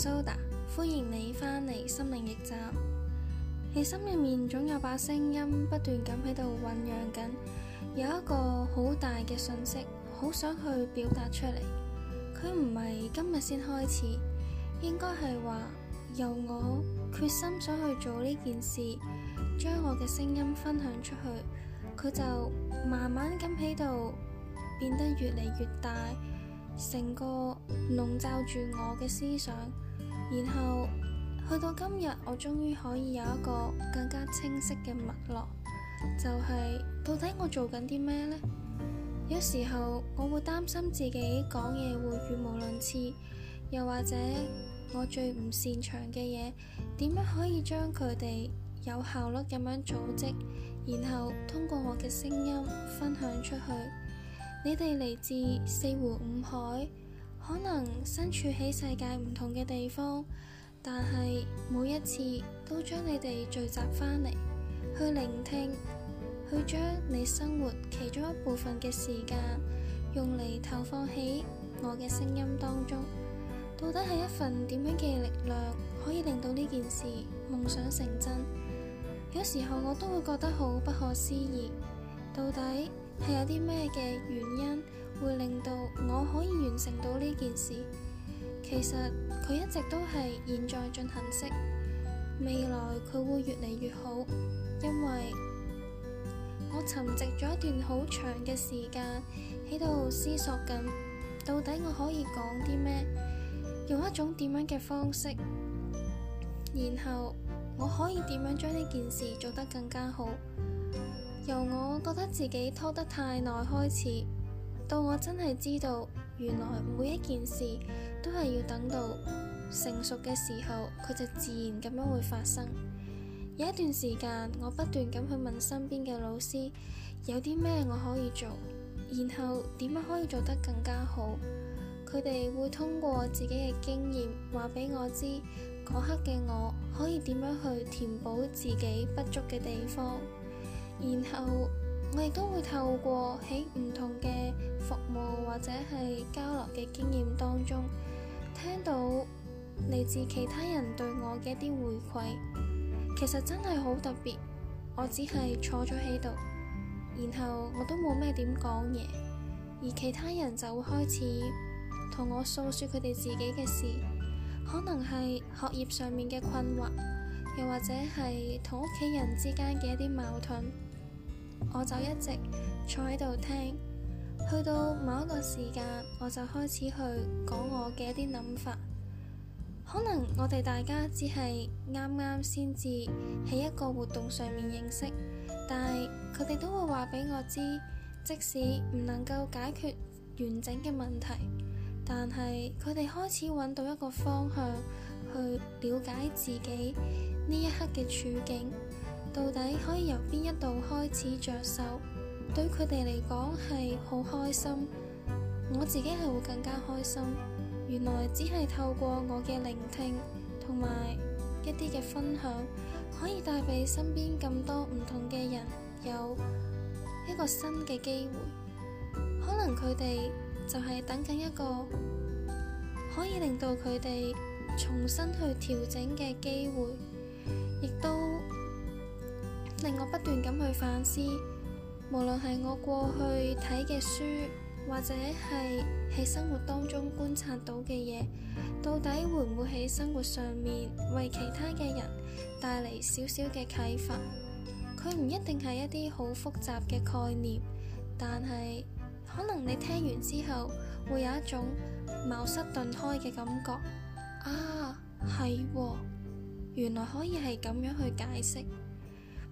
蘇達，Soda, 歡迎你翻嚟心靈驛站。你心入面總有把聲音不斷咁喺度醞釀緊，有一個好大嘅信息，好想去表達出嚟。佢唔係今日先開始，應該係話由我決心想去做呢件事，將我嘅聲音分享出去，佢就慢慢咁喺度變得越嚟越大，成個籠罩住我嘅思想。然後去到今日，我終於可以有一個更加清晰嘅脈絡，就係到底我做緊啲咩呢？有時候我會擔心自己講嘢會語無倫次，又或者我最唔擅長嘅嘢，點樣可以將佢哋有效率咁樣組織，然後通過我嘅聲音分享出去？你哋嚟自四湖五海。可能身處喺世界唔同嘅地方，但係每一次都將你哋聚集返嚟，去聆聽，去將你生活其中一部分嘅時間用嚟投放喺我嘅聲音當中。到底係一份點樣嘅力量，可以令到呢件事夢想成真？有時候我都會覺得好不可思議，到底係有啲咩嘅原因？會令到我可以完成到呢件事。其實，佢一直都係現在進行式，未來佢會越嚟越好，因為我沉寂咗一段好長嘅時間，喺度思索緊，到底我可以講啲咩，用一種點樣嘅方式，然後我可以點樣將呢件事做得更加好。由我覺得自己拖得太耐開始。到我真係知道，原來每一件事都係要等到成熟嘅時候，佢就自然咁樣會發生。有一段時間，我不斷咁去問身邊嘅老師，有啲咩我可以做，然後點樣可以做得更加好。佢哋會通過自己嘅經驗，話俾我知嗰刻嘅我可以點樣去填補自己不足嘅地方，然後。我亦都會透過喺唔同嘅服務或者係交流嘅經驗當中，聽到嚟自其他人對我嘅一啲回饋，其實真係好特別。我只係坐咗喺度，然後我都冇咩點講嘢，而其他人就會開始同我訴說佢哋自己嘅事，可能係學業上面嘅困惑，又或者係同屋企人之間嘅一啲矛盾。我就一直坐喺度聽，去到某一個時間，我就開始去講我嘅一啲諗法。可能我哋大家只係啱啱先至喺一個活動上面認識，但係佢哋都會話俾我知，即使唔能夠解決完整嘅問題，但係佢哋開始揾到一個方向去了解自己呢一刻嘅處境。到底可以由邊一度開始着手？對佢哋嚟講係好開心，我自己係會更加開心。原來只係透過我嘅聆聽同埋一啲嘅分享，可以帶俾身邊咁多唔同嘅人有一個新嘅機會。可能佢哋就係等緊一個可以令到佢哋重新去調整嘅機會，亦都。令我不斷咁去反思，無論係我過去睇嘅書，或者係喺生活當中觀察到嘅嘢，到底會唔會喺生活上面為其他嘅人帶嚟少少嘅啟發？佢唔一定係一啲好複雜嘅概念，但係可能你聽完之後會有一種茅塞頓開嘅感覺。啊，係喎，原來可以係咁樣去解釋。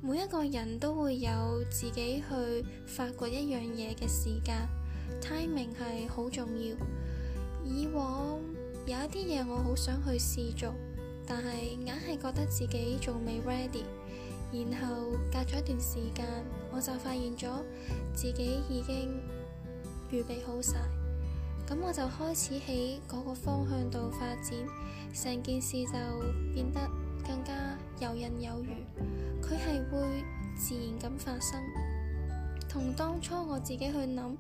每一個人都會有自己去發掘一樣嘢嘅時間，timing 係好重要。以往有一啲嘢我好想去試做，但係硬係覺得自己仲未 ready。然後隔咗一段時間，我就發現咗自己已經預備好晒。咁我就開始喺嗰個方向度發展，成件事就變得更加游刃有餘。係會自然咁發生，同當初我自己去諗，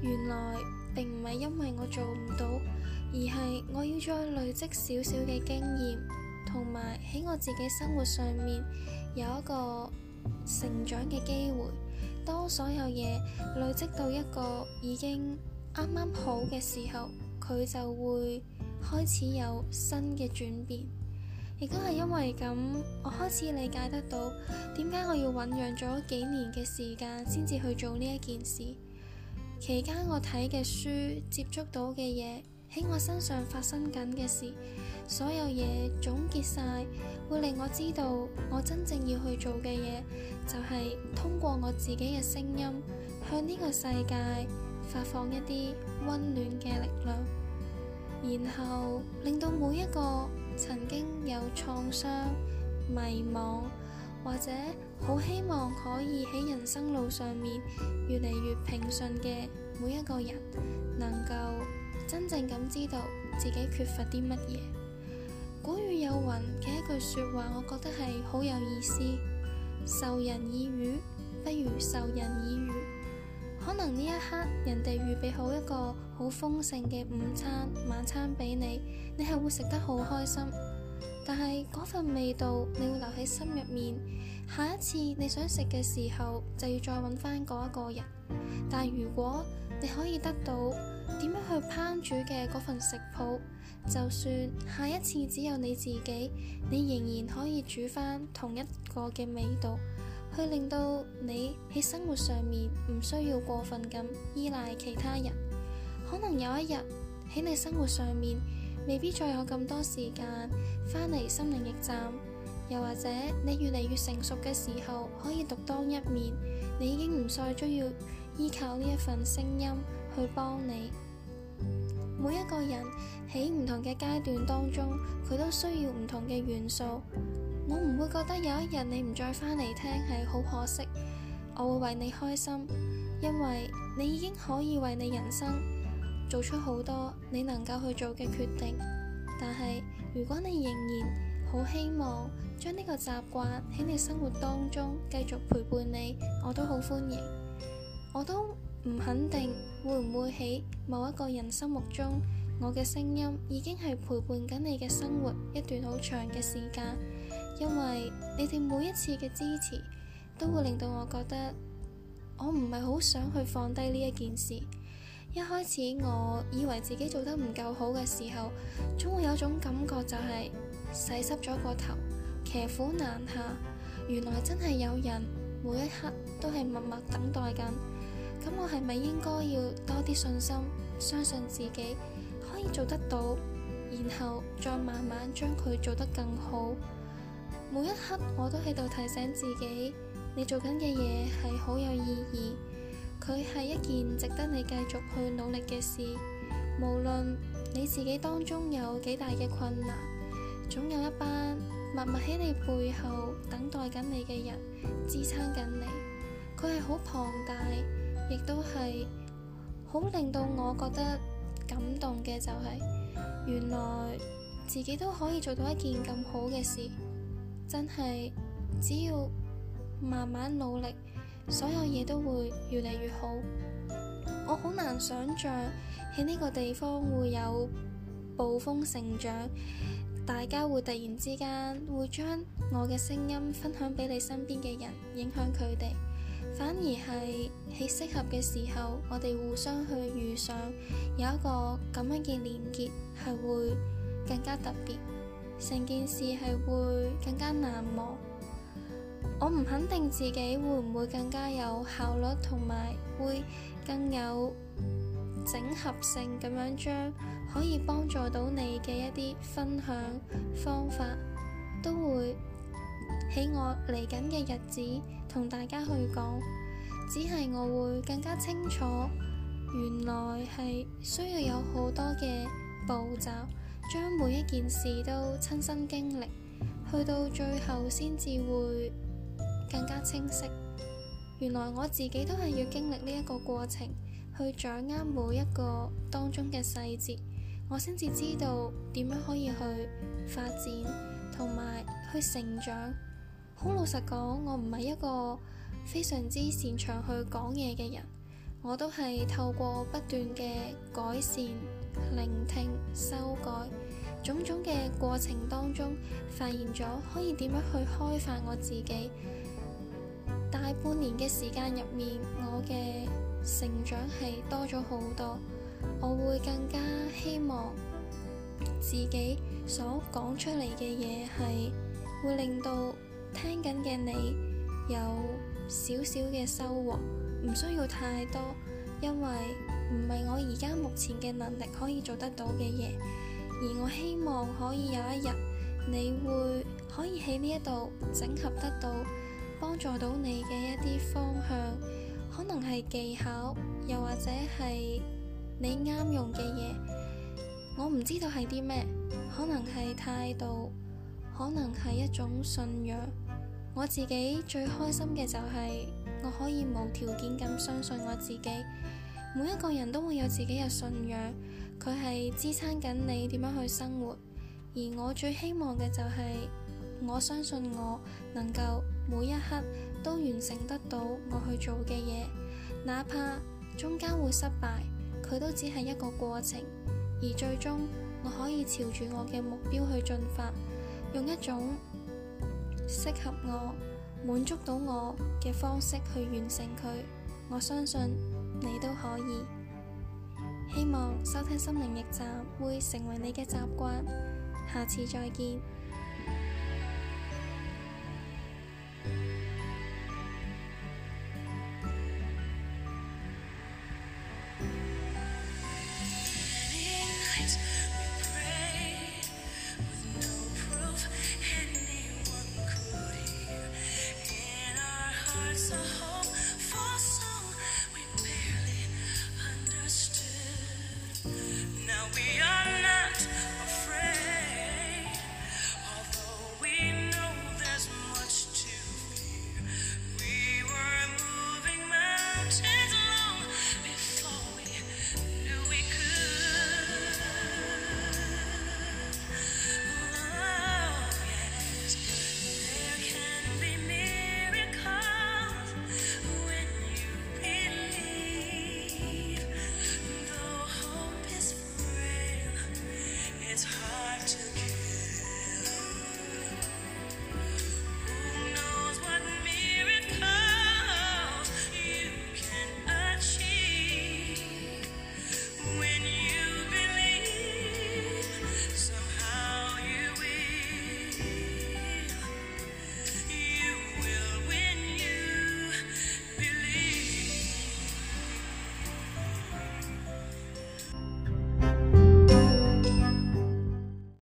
原來並唔係因為我做唔到，而係我要再累積少少嘅經驗，同埋喺我自己生活上面有一個成長嘅機會。當所有嘢累積到一個已經啱啱好嘅時候，佢就會開始有新嘅轉變。亦都係因為咁，我開始理解得到點解我要醖釀咗幾年嘅時間先至去做呢一件事。期間我睇嘅書、接觸到嘅嘢，喺我身上發生緊嘅事，所有嘢總結晒，會令我知道我真正要去做嘅嘢，就係通過我自己嘅聲音，向呢個世界發放一啲溫暖嘅力量，然後令到每一個。曾經有創傷、迷茫，或者好希望可以喺人生路上面越嚟越平順嘅每一個人，能夠真正咁知道自己缺乏啲乜嘢。古語有云嘅一句說話，我覺得係好有意思，授人以魚，不如授人以漁。可能呢一刻，人哋預備好一個。好豐盛嘅午餐、晚餐俾你，你係會食得好開心。但係嗰份味道，你會留喺心入面。下一次你想食嘅時候，就要再搵翻嗰一個人。但如果你可以得到點樣去烹煮嘅嗰份食譜，就算下一次只有你自己，你仍然可以煮翻同一個嘅味道，去令到你喺生活上面唔需要過分咁依賴其他人。可能有一日喺你生活上面未必再有咁多時間返嚟心靈驛站，又或者你越嚟越成熟嘅時候，可以獨當一面，你已經唔再需要依靠呢一份聲音去幫你。每一個人喺唔同嘅階段當中，佢都需要唔同嘅元素。我唔會覺得有一日你唔再返嚟聽係好可惜，我會為你開心，因為你已經可以為你人生，做出好多你能夠去做嘅決定，但係如果你仍然好希望將呢個習慣喺你生活當中繼續陪伴你，我都好歡迎。我都唔肯定會唔會喺某一個人心目中，我嘅聲音已經係陪伴緊你嘅生活一段好長嘅時間，因為你哋每一次嘅支持，都會令到我覺得我唔係好想去放低呢一件事。一開始我以為自己做得唔夠好嘅時候，總會有種感覺，就係洗濕咗個頭，騎虎難下。原來真係有人每一刻都係默默等待緊。咁我係咪應該要多啲信心，相信自己可以做得到，然後再慢慢將佢做得更好？每一刻我都喺度提醒自己，你做緊嘅嘢係好有意義。佢係一件值得你繼續去努力嘅事，無論你自己當中有幾大嘅困難，總有一班默默喺你背後等待緊你嘅人支撐緊你。佢係好龐大，亦都係好令到我覺得感動嘅就係，原來自己都可以做到一件咁好嘅事，真係只要慢慢努力。所有嘢都會越嚟越好。我好難想像喺呢個地方會有暴風成長，大家會突然之間會將我嘅聲音分享俾你身邊嘅人，影響佢哋。反而係喺適合嘅時候，我哋互相去遇上有一個咁樣嘅連結，係會更加特別，成件事係會更加難忘。我唔肯定自己會唔會更加有效率，同埋會更有整合性咁樣將可以幫助到你嘅一啲分享方法，都會喺我嚟緊嘅日子同大家去講。只係我會更加清楚，原來係需要有好多嘅步驟，將每一件事都親身經歷，去到最後先至會更加清晰。原來我自己都係要經歷呢一個過程，去掌握每一個當中嘅細節，我先至知道點樣可以去發展同埋去成長。好老實講，我唔係一個非常之擅長去講嘢嘅人，我都係透過不斷嘅改善、聆聽、修改，種種嘅過程當中，發現咗可以點樣去開發我自己。喺半年嘅時間入面，我嘅成長係多咗好多。我會更加希望自己所講出嚟嘅嘢係會令到聽緊嘅你有少少嘅收穫，唔需要太多，因為唔係我而家目前嘅能力可以做得到嘅嘢。而我希望可以有一日，你會可以喺呢一度整合得到。幫助到你嘅一啲方向，可能係技巧，又或者係你啱用嘅嘢。我唔知道係啲咩，可能係態度，可能係一種信仰。我自己最開心嘅就係、是、我可以無條件咁相信我自己。每一個人都會有自己嘅信仰，佢係支撐緊你點樣去生活。而我最希望嘅就係、是、我相信我能夠。每一刻都完成得到我去做嘅嘢，哪怕中間會失敗，佢都只係一個過程，而最終我可以朝住我嘅目標去進發，用一種適合我、滿足到我嘅方式去完成佢。我相信你都可以。希望收聽心靈驛站會成為你嘅習慣，下次再見。